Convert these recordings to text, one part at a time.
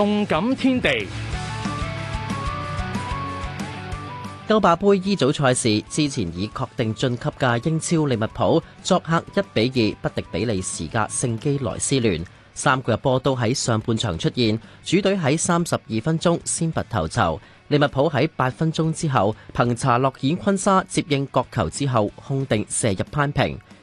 動感天地，歐霸盃 E 組賽事，之前已確定晉級嘅英超利物浦，作客一比二不敵比利時嘅聖基萊斯聯。三個入波都喺上半場出現，主隊喺三十二分鐘先拔頭籌，利物浦喺八分鐘之後，憑查落演坤沙接應角球之後空定射入攀平。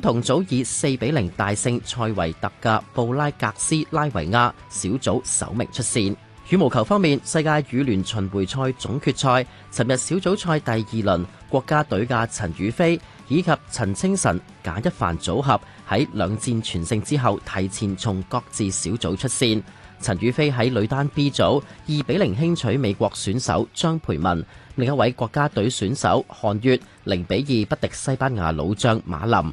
同組以四比零大勝塞維特嘅布拉格斯拉維亞，小組首名出線。羽毛球方面，世界羽聯巡回賽總決賽尋日小組賽第二輪，國家隊嘅陳雨菲以及陳清晨、賈一凡組合喺兩戰全勝之後，提前從各自小組出線。陳雨菲喺女單 B 組二比零輕取美國選手張培文，另一位國家隊選手韓悅零比二不敵西班牙老將馬林。